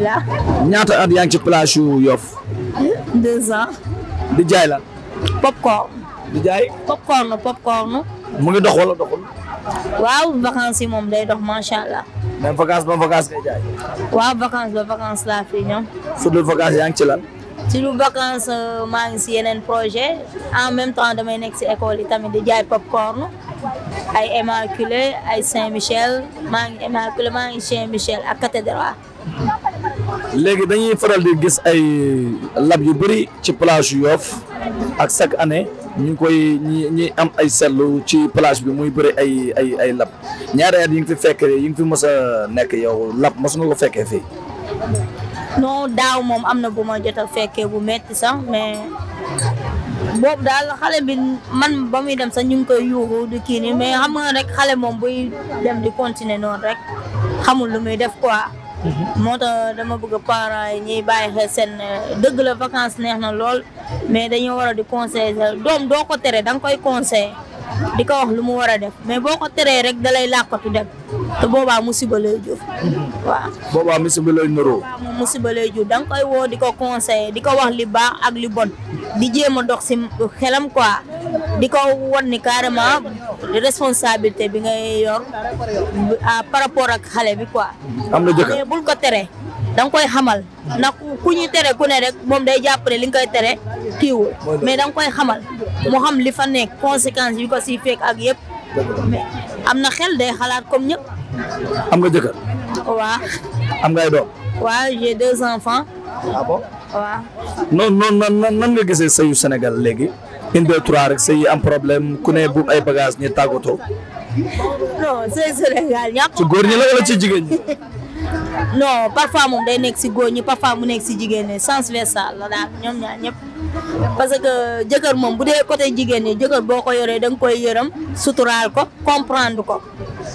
alhamdulilah. ñaata at yaa ngi ci place yu Yoff. deux ans. di jaay la. popcorn. di jaay. popcorn popcorn. mu ngi dox wala doxul. waaw vacances yi moom day dox macha allah. même vacance ba vacance ngay jaay. waaw vacance ba vacance laa fi ñoom. su dul vacance yaa ngi ci la ci lu vacance euh, maa ngi si yeneen projet en même temps damay nekk si école yi tamit di jaay popcorn ay Immaculée ay Saint Michel maa ngi Immaculée maa ngi Saint Michel ak cathédrale. léegi dañuy faral di gis ay lab yu bëri ci plage yu ak chaque année ñu ngi koy ñi ñi am ay seetlu ci plage bi muy bëri ay ay ay lab ñaari at yi nga fi fekk yi nga fi mos a nekk yow lab mos nga ko fekkee fii. non daaw moom am na bu ma jot a fekkee bu metti sax mais boobu daal xale bi man ba muy dem sax ñu ngi koy yuuxu di kii nii mais xam nga rek xale moom buy dem di continuer noonu rek xamul lu muy def quoi. Mhm. moo tax dama bëgg parents yi ñuy bàyyi xel seen euh, dëgg la vacances neex na lool mais dañu war a di conseiller doom doo ko tere da koy conseiller di ko wax lu mu war a def mais boo ko teree rek da lay làkkatu dem te boobaa musiba lay jur mhm. waaw boobaa musiba lay nëroo moom musiba lay jur da nga koy woo di ko conseiller di ko wax li baax ak li bon di jéem a dox si xelam quoi di ko won ni carrément responsabilité bi ngay yor par rapport ak xale bi quoi. am na jëkkër mais ko tere da koy xamal na ku ñuy tere ku ne rek moom day jàppale li nga koy tere kiiwul mais da nga koy xamal mu xam li fa nekk conséquences yi ko siy fekk ak yëpp am na xel day xalaat comme ñëpp. am nga jëkkër. waaw. am ngay doom. waaw j'ai deux enfants. ah bon. waaw. non non nan nan nga gisee sëyu Sénégal léegi. une deux trois rek sëy am problème ku ne buub ay bagage ñu tàggatoo. non sëy Sénégal ñàkk. ci góor ñi la wala ci jigéen ñi. non parfois moom day nekk si góor ñi parfois mu nekk si jigéen ñi sens versal la daal ñoom ñaar ñëpp. parce que jëkkër moom bu dee côté jigéen ñi jëkkër boo ko yoree da koy yërëm suturaal ko comprendre ko.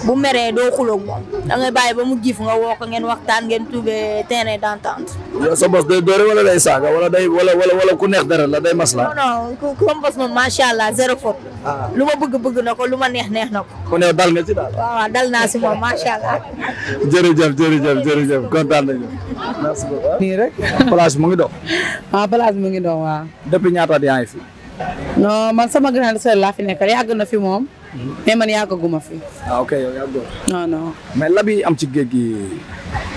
bu meree doo xuloog moom da ngay bàyyi ba mu giif nga woo ngeen waxtaan ngeen tuubee terrain d'entente. yow sa bos day dóore wala day saaga wala day wala wala ku neex dara la day mas la. non non comme bos moom macha allah zéro faute. Ah. lu ma bëgg bëgg na ko ma neex neex na ko. ku neex dal nga ci daal. dal naa si moom macha allah. jërëjëf jërëjëf jërëjëf kontaan nañu. merci beaucoup. nii rek place mu ngi dox. ah place mu ngi dox waaw. depuis fi. non man sama grand sœur laa fi nekkal yàgg na fi moom. mais man yàggaguma fi. ah fi yow yàggoo. non non. labi am ci géej gi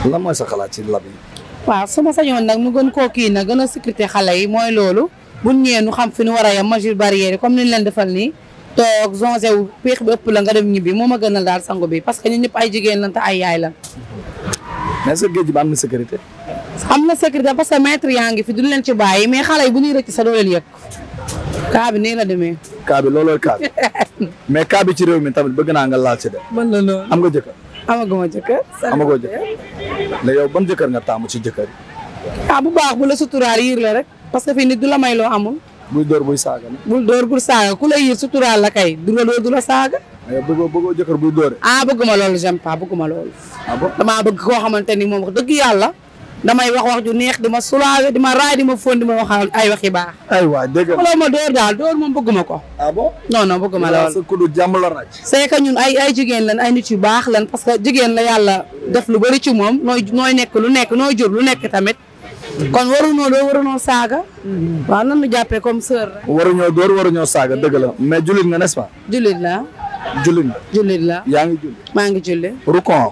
lan mooy sa xalaat ci labi. waaw su ma sañoon nag mu gën koo kii nag gën a sécurité xale yi mooy loolu bu ñëwee ñu xam fi ñu war a yem mesure barrière yi comme ni leen defal nii toog zongé wu bi ëpp la nga dem ñibbi moo ma gën gënal daal sangu bi parce que ñun ñëpp ay jigéen lan te ay yaay lan. mais sa géej ba am na sécurité. am na sécurité parce que maître yaa ngi fi duñ leen ci bàyyi mais xale yi bu ñuy rëcc sa doo leen yëg kaa bi nii la demee. kaa bi mais cas bi ci réew mi tamit bëgg naa nga laal ci de. man la loolu am nga jëkkër. amaguma jëkkër. amagoo jëkkër. mais yow ban jëkkër nga taamu ci jëkkër yi. ah bu baax bu la suturaal yiir la rek. parce que fii nit du la may loo amul. bul dóor buy saaga. bul dóor bul saaga ku la yiir suturaal la kay du la dóor du la saaga. mais bëggoo bëggoo jëkkër buy dóore. ah bëgguma loolu j'aime pas bëgguma loolu. ah bon damaa bëgg koo xamante ni moom wax dëgg yàlla damay wax wax ju neex di ma soulagé di ma raay di ma fóon di ma waxal ay wax yu baax. aywa dégg nga loo ma door daal door moom bëgguma ko. ah bon non non bëgguma lool. sa kudu jàmm la raj. c'est ñun ay ay jigéen lan ay nit yu baax lan parce que jigéen la yàlla def lu bëri ci moom nooy nooy nekk lu nekk nooy jur lu nekk tamit. kon waruñoo door waruñoo saaga. waaw nan la jàppee comme sœur rek. waruñoo door waruñoo saaga dëgg la mais jullit nga n'est-ce pas. jullit la. jullit la. jullit la. yaa ngi julli. maa ngi julli. Rukon.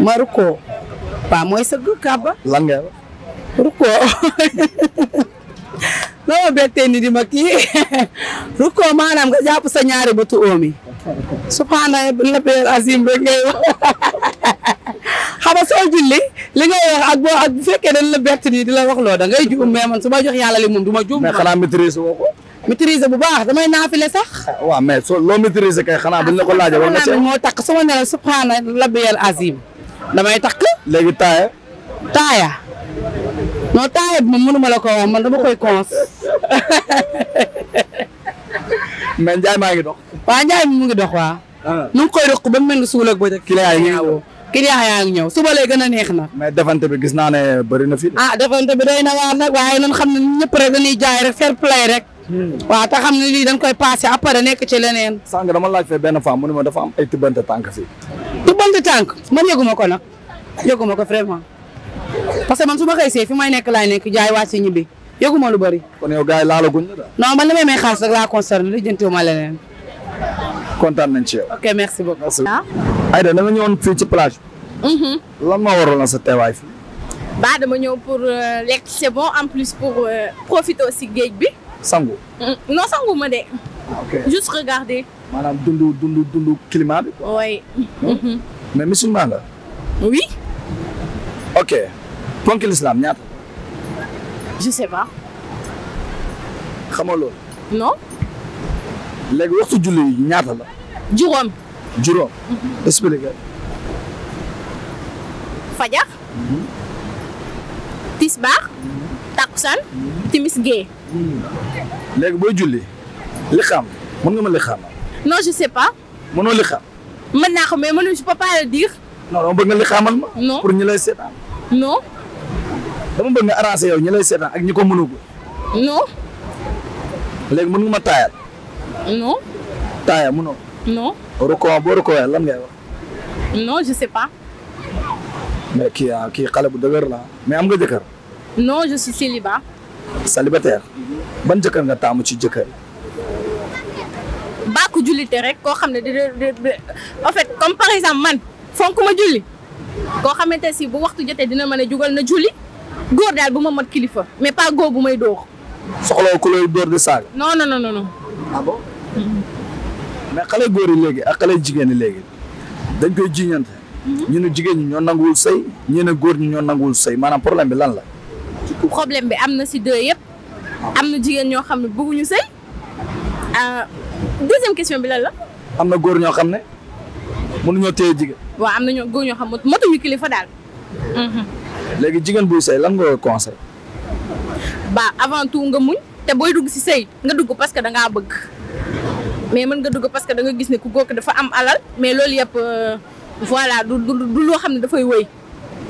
ma Rukon. paa mooy sëgg kàbba. lan nga loo ma bettee ni di ma kii Ruko maanaam nga jàpp sa ñaari bëtu oomi. subhaana rabbil azim rek ngay wax xam nga soo julli li ngay wax ak boo ak bu la bett nii di la wax loo da ngay juum mais man su ma jox yàlla li moom du ma juum. mais xanaa maîtriser woo ko. maîtriser bu baax damay naafile sax. waaw mais soo loo maîtriser kay xanaa buñ la ko laajee. war nga moo tax su ma nee la subhaana rabbil damay takk. léegi taaya. taaya non taaya bi moom mënuma la ko wax man dama koy cons. mais Ndiaye maa ngi dox. waaw Ndiaye mu ngi dox waa ah. nu ngi koy dox ba mu mel ni suul ak bëccëg. client yi ñëw client yaa ngi ñëw suba lay gën a neex na. mais defante bi gis naa ne bëri na fi. ah defante bi doy na waar nag waaye nan xam ne ñëpp rek dañuy jaay rek fair play rek. Hmm. waaw te xam ne lii dañ koy passé après nekk ci leneen. sànq dama laaj fee benn femme mu ne ma dafa am ay tibbante tànk fii. tibbante tànk man yëguma ko nag yëguma ko vraiment parce que man su ma xëy see fi may nekk laay nekk jaay wàcc ñibbi yëguma lu bëri. kon yow gars yi laalaguñ la. non man li may may xaalis rek laa concerné li jëntiwuma leneen. kontaan nañ ci yow. ok merci beaucoup. merci ah. Aïda da nga ñëwoon fii mhm. sa teewaay fii. ba dama ñëw pour euh, lekk c'est bon en plus pour euh, profiter aussi géej bi. sangu. Mm, non sangu ma de. Ah, ok juste regarder. maanaam dundu dundu dundu bi quoi. oui. Mm-hmm. mais la. oui. ok ponk l'islam ñaata. je sais pas. xamoo non. léegi waxtu julli ñaata la. juróom. juróom. Mm-hmm. expliqué. fajar. Mm-hmm. tisbaar. takkusaan. timis gée. léegi booy julli li xam mën nga ma li xaamal. non je sais pas. mënoo li xam. mën naa ko mais je peux le dire. non dama bëgg nga li xaamal ma. non pour ñi lay seetaan. non. dama bëgg nga arrangé yow ñi lay ak ñi ko mënagul. non. léegi mën nga ma taayal. non. taaya mënoo. non. rukkoo boo rukkoo lan ngay wax. non je sais pas. mais kii ah xale bu dëgër la mais am nga jëkkër. non je suis célibat. célibataire ban jëkkër nga taamu ci jëkkër. baaku jullite rek koo xam ne di en fait comme par exemple man fonk ma julli koo xamante si bu waxtu jotee dina mën a jugal na julli góor daal bu ma mat kilifa mais pas góor bu may dóor. soxla ku lay dóor di saaga. non non ah mais xale góor yi léegi ak xale jigéen yi léegi dañ koy jiñante mhm. ñu ne jigéen ñi ñoo nanguwul sëy ñu ne góor ñi ñoo nanguwul say maanaam problème bi lan la. problème bi am na si deux yëpp am na jigéen ñoo xam ne bëgguñu sëy ah, deuxième question bi lan la. am na góor ñoo xam ne mënuñoo téye jigéen. waaw am na ñoo góor ñoo xam motuñu kilifa daal. Mhm. léegi jigéen buy sëy lan nga conseil. ba avant tout nga muñ te booy dugg si sëy nga dugg parce que da ngaa bëgg mais mën nga dugg parce que da nga gis ne ku góor dafa am alal mais loolu yëpp euh, voilà du du loo xam ne dafay wëy.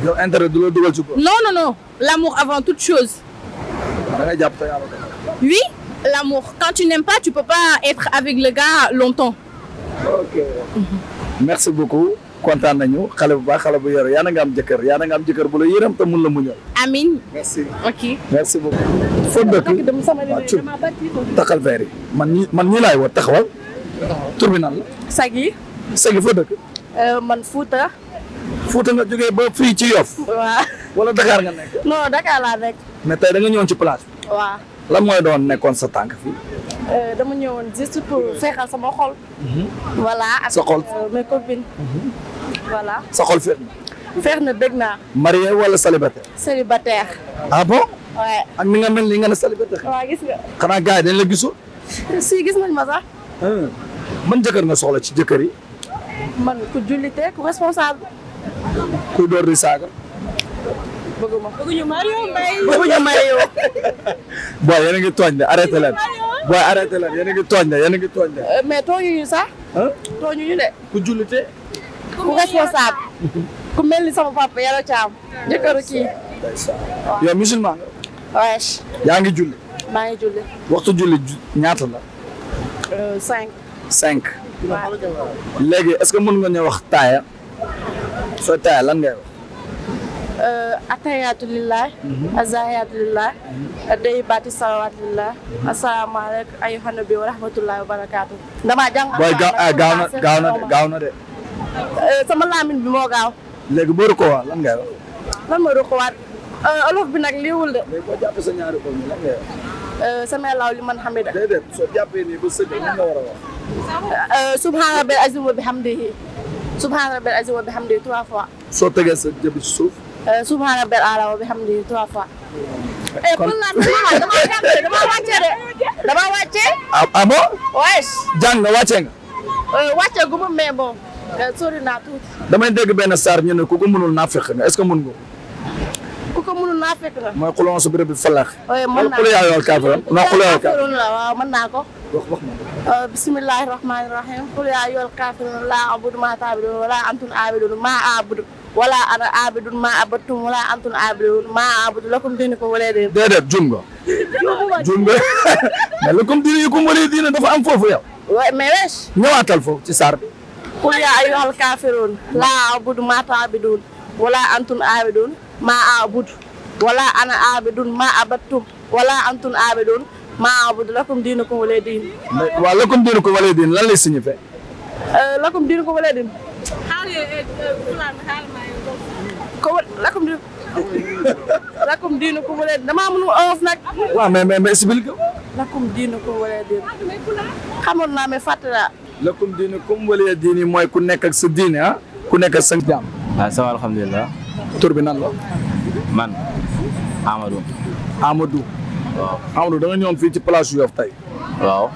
yow intérêt du la dugal ci ko. non non non l'amour avant toute chose. da ngay jàpp te yàlla oui l'amour quand tu n'aimes pas tu peux pas être avec le gars longtemps. ok. merci beaucoup kontaan nañu xale bu baax xale bu yor yaa na nga am jëkkër yaa na nga am jëkkër bu la yërëm mun la mu ñor. amiin merci ok. merci beaucoup. man ñi man ñi laay woo Sagi. Sagi foo dëkk. Euh, man Fouta. Fuuta nga jógee ba fii ci Yoff. waaw wala Dakar nga nekk. non Dakar laa nekk. mais tey da ñëwoon ci place bi. waaw lan mooy doon nekkoon sa tànk fii. Euh, dama ñëwoon juste pour feexal sama xol. Mhm. voilà ak sa xol euh, mes copines. Mhm. feex na. feex naa. marié wala célibataire. célibataire. ah bon. waaye ak ni nga mel nii nga ne célibataire. waaw gis nga. xanaa gars dañ la gisul. si gis nañ ma sax. Ah. man jëkkër nga soxla ci jëkkër yi. man ku jullite ku responsable. kuy door di saaga. bëgguma bëgguñu Mario Mbaye. booy yéen ngi tooñ de arrêté leen. booy arrêté leen yéen ngi tooñ de yéen a ngi tooñ de. Euh, mais tooñu ñu sax. tooñu ñu de. ku jullite. ku responsable. ku mel ni sama papa yàlla caam. jëkkëru kii. yow musulman nga. yaa ngi julli. maa ngi julli. waxtu julli ñaata la. Euh, cinq. cinq. léegi est-ce que mën nga ñu wax taaya. soo taaya lan ngay wax. Uh, atayaatu lillah mhm. azahayaatu lillah mhm. uh, day baati salawaatu mhm. wa barakaatu damaa jàng booy ah, gaaw oh de uh, sama laamin bi moo gaaw léegi boo rukkoo lan ngay lan mooy rukkuwaat olof bi nag liiwul de léegi boo jàppee sa ñaari ol lan bi nga subhaana rabbil aziim wa bihamdihi trois fois. soo tegee sa jëbi ci suuf. Eh, subhaana rabbil ala wa bihamdihi trois fois. Eh, kon dama wàcce de dama wàcce. ah, ah bon. wees. jàng nga wàcce nga. Eh, wàcce gu ma mais bon. sori naa tuuti. damay dégg benn saar ñu ne ku ko mënul naafiq nga est-ce que mën ku ko mënul naafiq nga. mooy xulóom su béréb bi falaax. mën naa ko xulóom yaa yor kaafir. naa ko. bismillahi rahmaani rahim qul yaa ayyuhal kaafiruun laa abudu maa taabuduun wala antum aabiduun maa abudu wala ana aabiduun maa abattum wala antum aabiduun maa abudu lakum diinukum wala diin déedéet jum nga jum nga mais lakum diinukum wala diin dafa am foofu yow mais wees ñëwaatal foofu ci saar bi qul yaa ayyuhal kaafiruun laa abudu maa taabuduun wala antum aabiduun maa abudu wala ana aabiduun maa abattum wala antum aabiduun maa abudu lakum diinukum wala diin. waaw lakum diinukum wala diin lan lay signifié. ko lakum diin lakum diinukum wala euh, euh, diin damaa mënul olof nag. waaw mais mais mais explique. lakum diinukum wala diin xamoon naa mooy ku nekk ak sa ah, ku nekk ak sa jaam. waaw ah, ça la. man Amadou. Amadou. waaw Amadou da nga fii ci place Yoff tey. waaw.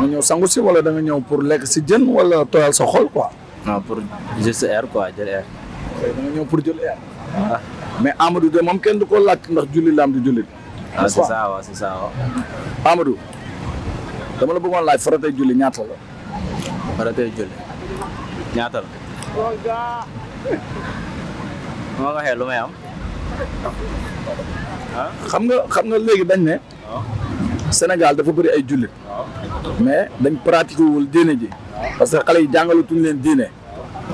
da nga sangu si wala da nga ñëw pour lekk si jën wala tooyal sa xol quoi. non pour juste air quoi jël air. da nga ñëw pour jël air. Ah. de moom kenn du ko lakk ndax julli laam di julli. waaw ah, c'est ça waaw c'est ça waaw. laaj faratay julli ñaata la. faratay julli ñaata ma ko xam nga xam nga léegi dañ ne. Sénégal dafa bëri ay jullit. mais dañ pratiqué wul diine ji. parce que xale yi jàngalatuñ leen diine.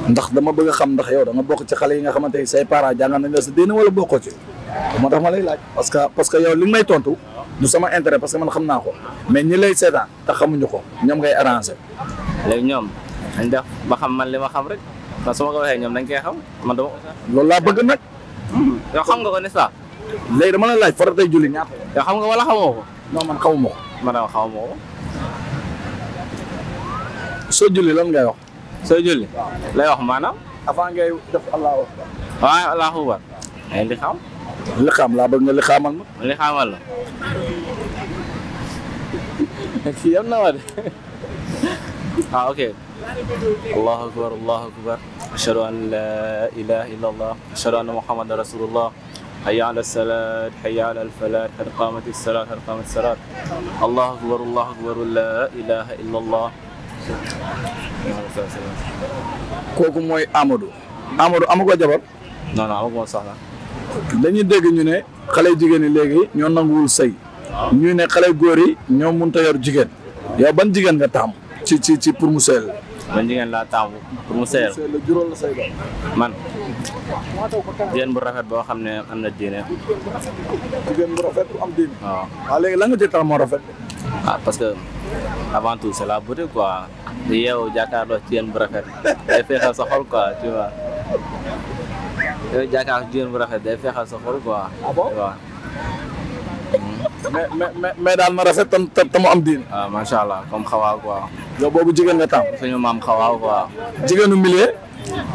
ndax dama bëgg xam ndax yow da nga bokk ci xale yi nga xamante ni say parents jàngal nañ la sa diine wala bokkoo ci. moo tax ma lay laaj parce que parce que yow li may tontu. du sama parce que xam naa ko mais ñi lay seetaan te xamuñu ko ñoom ngay arrangé. léegi ñoom dañ def ba xam man li ma xam rek man su ma ko waxee ñoom dañ koy xam man dama. loolu laa bëgg nag. yow xam nga ko ne ce léegi dama la laaj faratay julli ñaata. yow xam nga wala xamoo ko. non man xamuma ko. man daal xamuma ko. soo julli lan ngay wax. soo julli. lay wax maanaam. avant ngay def allahu akbar. waaw allahu akbar. ay li xam. li xam laa bëgg nga li xamal ma. li xamal la. fii yem na ma de. ah ok. allahu akbar allahu akbar. ashhadu an la ilaha illallah. ashhadu anna muhammadan rasulullah. حي على السلاد حي على الفلاح قد قامت الصلاة قد قامت الصلاة الله أكبر الله kooku mooy Amadou Amadou amagoo jabar non non amaguma soxna dañuy dégg ñu ne xale jigéen yi léegi ñoo nanguwul sëy ñu ne xale góor yi ñoo mënut a yor jigéen yow ban jigéen ga taamu ci ci ci pour mu sëyal ban jigéen laa taamu pour mu sëyal juróol la sëy jigéen bu rafet boo xam ne am na diine. jigéen bu rafet bu am diine. waaw waaw ah, léegi lan nga ci moo rafet. ah parce que avant tout c'est la beauté quoi yow jàkkaarloo jigéen bu rafet day feexal sa xol bu rafet day feexal sa quoi. ah bon mais daal na rafet tam tam am diin. Ah, macha allah comme xawaaw quoi. yow boobu jigéen nga tam. suñu maam xawaaw quoi. jigéenu millier.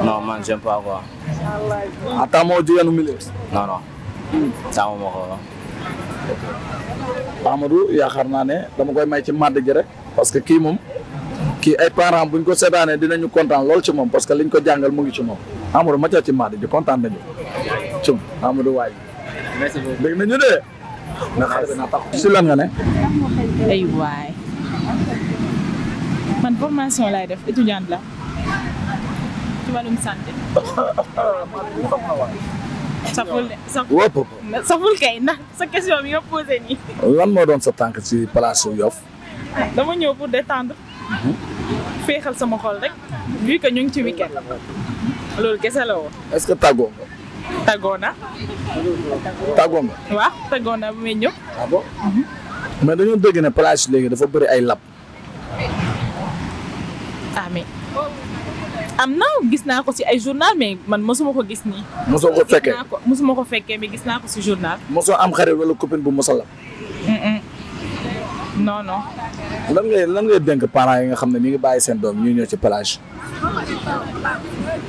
non man j'aime pas quoi. ah taamoo jigéen nu milieu. ko woon. Amadou naa ne dama koy may ci màdd gi rek parce que kii moom kii ay parent buñ ko seetaanee dinañu kontaan lool ci moom parce que liñ ko jàngal mu ngi ci moom Amadou ma ca ci màdd ji kontaan nañu ci Amadou waay. merci na xaar bi si lan nga ne. ay waay man formation laay def étudiante la. ci wàllum santé. saful de saful. saful kay ndax sa question bi nga posé nii. lan moo doon sa tànk ci palaasu Yoff. dama ñëw pour détendre. Mhm. féexal sama xol rek. vu que ñu ngi ci weekend loolu kese la woon. est-ce que tàggoo nga. na. tàggoo nga. na ah mhm. mais dañoo dégg ne plage léegi dafa bëri ay lab. ah am na gis naa ko si ay journal mais man mosuma ko gis nii. mosoo ko fekkee mosuma ko fekkee mais gis naa ko ci journal. mosoo am xarit wala copine bu mos a la. non non. lan ngay lan ngay dénk parent yi nga xam ne ñu ngi bàyyi seen doom ñu ñëw ci plage.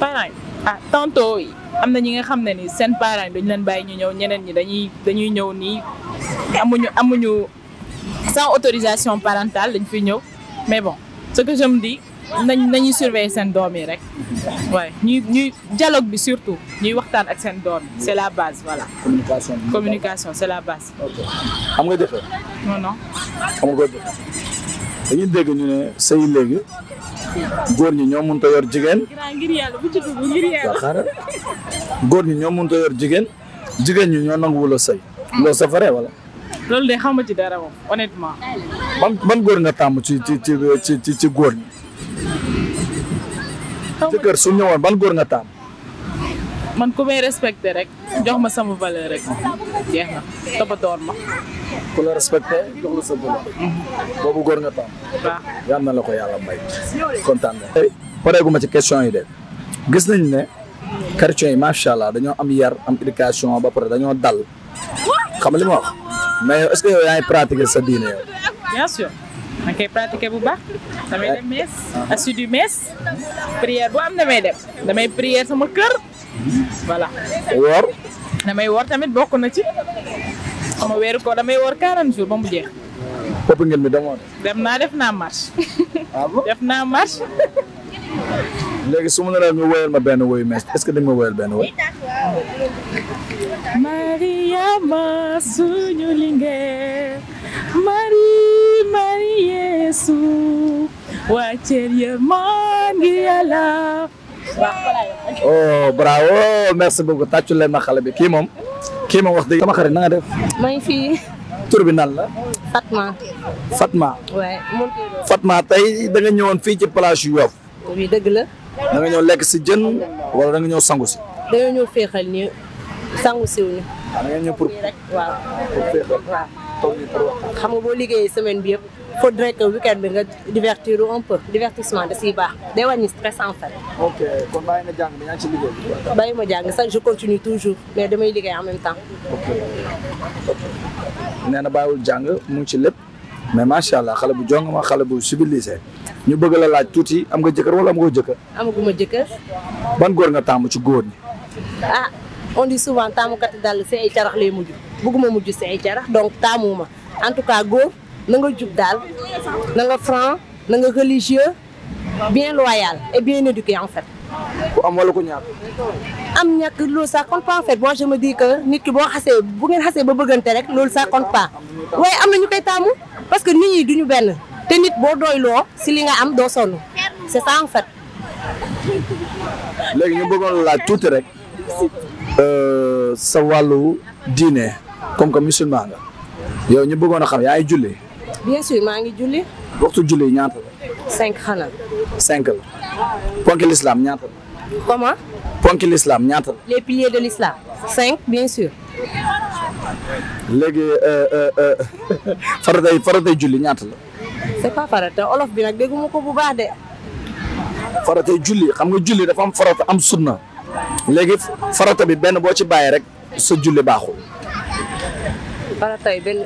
parents yi ah tantôt am na ñi nga xam ne ni seen parent yi dañu leen bàyyi ñu ñëw ñeneen ñi dañuy dañuy ñëw nii amuñu amuñu sans autorisation parental lañ fi ñëw mais bon ce que je me nañ nañuy surveiller seen doom yi rek waaye ñuy ñuy dialogue bi surtout ñuy waxtaan ak seen doom yi c'est la base voilà. communication communication c'est la base. xam nga jafe. non non. xam nga ko jafe dañuy dégg ñu ne sëy léegi góor ñi ñoo mënut ko yor jigéen. ngir yàlla bu ci dugg ngir yàlla. góor ñi ñoo mënut a yor jigéen jigéen ñi ñoo nanguwul a sëy. loolu c'est vrai wala. loolu de ci dara moom honnêtement. ban góor nga tàmm ci ci ci ci ci góor ñi. kër su woon ban góor nga taam. man ku may respecté rek jox ma sama valeur rek jeex na toppatoo ma. ku la respecté jox la sa valeur. Mhm. boobu góor nga taam. waaw na la ko yàlla may kontaan na. pareegu ma ci question yi de gis nañ ne chrétiens yi macha allah dañoo am yar am éducation ba pare dañoo dal xam li ma mais est que yow yaa sa diine yow. bien sûr. da koy pratiquer bu baax damay dem mees uh-huh. assidu mees prière boo am damay dem damay prière sama kër voilà woor damay woor tamit bokk na ci sama weeru ko damay woor 40 jours ba mu jeex këpp ngeen mi dem naa def naa marche ah def naa marche léegi su ma nee ñu woyal ma benn woyu mees est-ce que dañ ma woyal benn woy Mariama suñu lingeer yeesu wàcceel yërmaan gi yàlla oh bravo merci beaucoup tàccu leen ma xale bi kii moom kii moom wax dëgg sama xarit def maa ngi fii tur la Fatma Fatma Fatma tey da nga ñëwoon fii ci plage yu Yoff oui dëgg la da nga lekk si jën wala da nga sangu si dañoo ñëw féexal ni sangu siwuñu da nga ñëw nga boo liggéeye semaine bi yëpp faudrait que week bi nga divertir un peu divertissement da siy baax day wàññi stress en fait. ok kon bàyyi na jàng mais yaa ci liggéey bi. ma jàng sax je continue toujours mais damay liggéey en même temps. ok nee na bàyyiwul jàng mu ngi ci lépp mais macha allah xale bu jong ma xale bu civilisé ñu bëgg la laaj tuuti am nga jëkkër wala am nga jëkkër. amaguma jëkkër. ban góor nga taamu ci góor ñi. ah on dit souvent taamukat dal si ay carax lay mujj bëgguma mujj si ay carax donc taamu ma en na nga jub daal na nga franc na nga religieux bien loyal et bien éduqué en fait. ku am wala ku ñàkk. am ñàkk loolu ça compte pas en fait moi je me dis nit ki boo xasee bu ngeen xasee ba bëggante rek loolu ça compte waaye am na ñu koy taamu parce que nit ñi ñu benn te nit boo doyloo si li nga am doo sonn c'est ça en fait. léegi ñu bëggoon laa tuuti rek euh, sa wàllu diine comme que musulman nga yow ñu bëggoon a xam yaa ngi bien sûr maa ngi julli. waxtu julli ñaata la. cinq xanaa. cinq la ponk l'islam ñaata la. comment. ponk l'islam ñaata la. de l'islam cinq bien sûr. léegi euh, euh, euh, faratay faratay julli ñaata la. c'est pas farata olof bi nag dégguma ko bu baax de. faratay julli xam nga julli dafa am farata am sunna léegi farata bi benn boo ci bàyyi rek sa julli baaxu farata yi benn.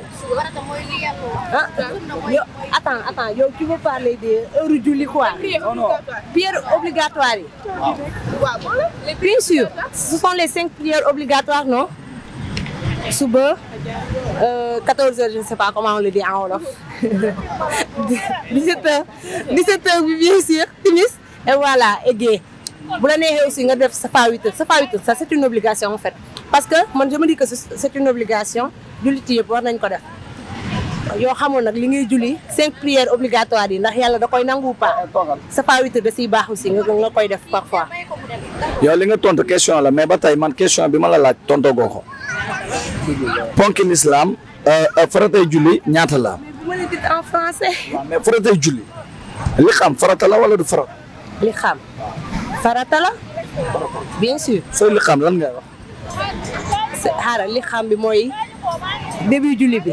ah yow attends attends yow tu veux parler des heures julli quoi. non oh non prières obligatoires yi. waaw. bien les cinq prières obligatoires non. suba 14 euh, heures je ne pas comment le dit en wolof 17 heures 17 heures bi bien sûr timis et voilà et gée bu la neexee nga def safa 8 heures safa 8 heures ça c'est une obligation en parce que man je me dis que c'est une obligation jullit yëpp war nañ ko def yoo xamoon nag li ngay julli cinq prières obligatoires yi ndax yàlla da koy nangu pas sa pas witre da si baax aussi nga koy def parfois. yow li nga tontu question la mais ba tey man question bi ma la laaj tontu goo ko ponkin islam euh, euh, faratay julli ñaata la am. en français. mais faratay julli li xam farata la wala du farata. li xam farata la bien sûr. soo li xam lan ngay xaaral li xam bi mooy début julli bi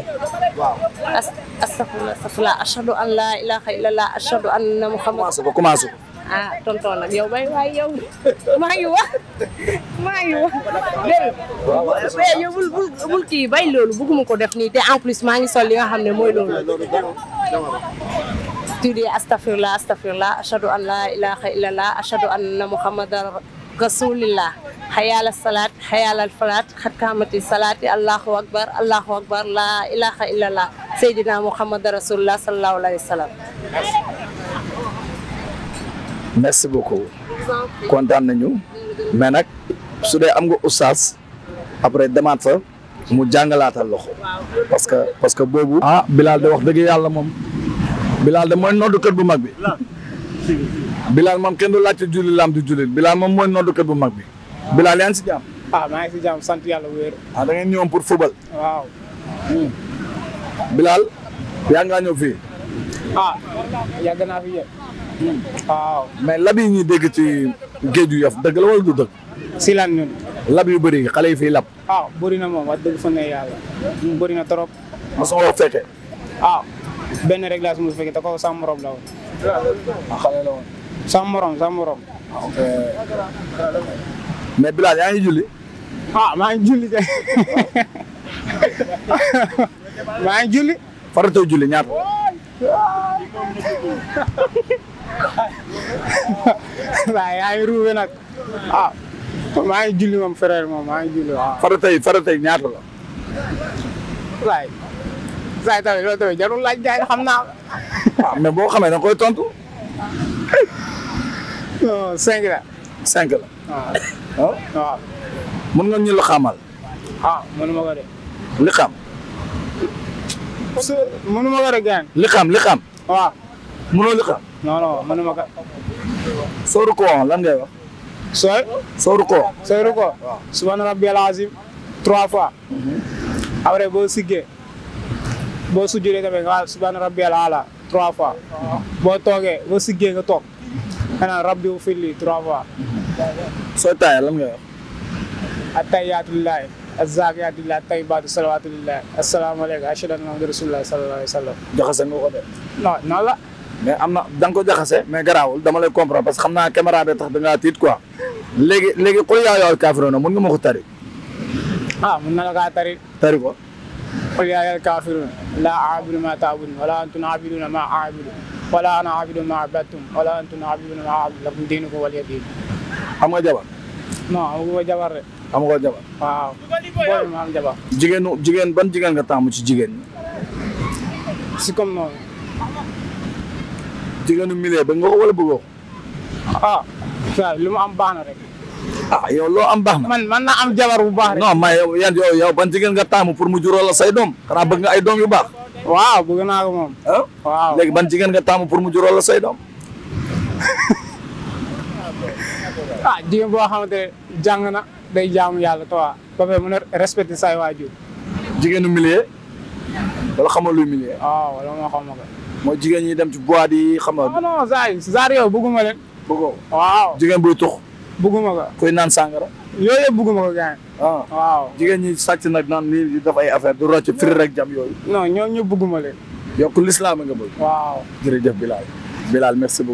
astafurlah astafurlah ashadu an laa ilaaha illallah ashadu anna muhammad commencé ah tonton nag yow bay ngi wax maa ngi wax dégg yow bul kii bay loolu bëgguma ko def nii te en plus maa ngi sol li nga xam ne mooy loolu tudde astafurlah astafurlah ashadu an laa ilaaha illallah ashadu anna muhammadan rasulillah xayaala salaat xayaalal falaat xat kaamati salaati allahu akbar allahu akbar laa ilaha illallah seydina muhammad rasulullah sallallahu alayhi wa sallam merci beaucoup kontaan nañu mais nag su dee am nga oustaz après demaat fa mu jàngalaatal loxo parce que parce que boobu ah Bilal de wax dëgg yàlla moom Bilal de mooy noddukat bu mag bi Bilal moom kenn du laajte julli laam di jullit Bilal moom mooy noddukat bu mag bi Bilal yaa ngi si jàmm. Ah, sant yàlla wéer. ah da ngeen ñëwoon pour waaw. Hmm. Bilal yaa ngaa ñëw fii. ah yàgg naa fi yéen. Hmm. waaw. mais lab yi ñuy dégg ci géej yu yof dëgg la wala du dëgg. si lan ñun. lab yu bëri xale yi fiy lab. ah bari na moom wax dëgg fa yàlla. Hmm. bëri na trop. ma soog a fekkee. ah benn rek laa su ma fekkee te la woon. ah xale la woon. Ah, mais Bilal yaa ngi julli. ah maa ngi julli de maa ngi julli. faratoo julli ñaar. waaw yaa nag ah maa ngi julli moom frère moom maa ngi julli waaw. faratay faratay ñaata la. waay saa yi tamit loolu tamit jarul laaj xam naa. Ah, boo xamee da koy tontu. non cinq waaw ah. ah. waaw. Ah. mën nga ñu lu xamal. ah mënuma ko de. li xam. mënuma ko de gaan. li xam li xam. waaw. mënoo li xam. sooru ko lan ngay sooy. sooru ko. sooru ko. waaw subhaana rabbiyal azim trois fois. Mhm. après boo siggee boo sujjuree tamit nga subhaana rabbiyal ala mhm. toogee boo siggee nga toog. xanaa rabbi wu fili trois fois. Mhm. soo taayee lan nga wax. attayaatullaahi azzakiyaatullaahi tayyibaatu salawaatullaahi asalaamaaleykum ashhadu anna muhammadan rasulullaahi sallallaahu alayhi wa sallam. jaxase nga ko de. non non la. mais am na da nga ko jaxase mais garaawul dama lay comprendre parce que xam naa caméra bi tax da ngaa tiit quoi. léegi léegi qul yaa ayyuhal kaafiruun mun nga ma ko tari. ah mun na la kaa tari. tari ko. qul yaa ayyuhal kaafiruun laa a'budu maa ta'buduun wa laa antum aabiduuna maa a'budu wa laa ana aabidu maa abadtum wa laa antum aabiduuna maa a'budu lakum diinukum waliya diin am nga jabar. non amagu ma jabar de. amagu ma jabar. waaw booy ma am jabar. jigéenu jigéen ban jigéen nga taamu ci jigéen ñi. si comme noonu. jigéenu milieu ba nga ko wala bëggoo. ah. waaw lu mu am baax na rek. ah yow loo am baax na. man man na am jabar bu baax rek. non ma yow yan yow yow ban jigéen nga taamu pour mu juróo la say doom xanaa bëgg nga ay doom yu baax. waaw bëgg naa ko moom. ah waaw léegi ban jigéen nga taamu pour mu juróo la say doom. ah jigéen boo xamante ne jàng na day jaamu yàlla tawa ba pare mën a say waajur. jigéenu millier wala xamal luy millier. Ah, wala moo xam ma jigéen ñi dem ci boîte yi xam nga. Ah, non non Zaa Zaa yow bëgguma leen. bëggoo waaw jigéen buy tux. bëgguma kuy naan sàngara. yooyu yëpp bëgguma ko gaañ. Ah. waaw jigéen ñi sàcc nag naan lii di def ay affaire du rocc firi rek jam yooyu. non ñoom ñu bëgguma leen. yokk lislaam nga bëgg. waaw jërëjëf Bilal Bilal merci beaucoup.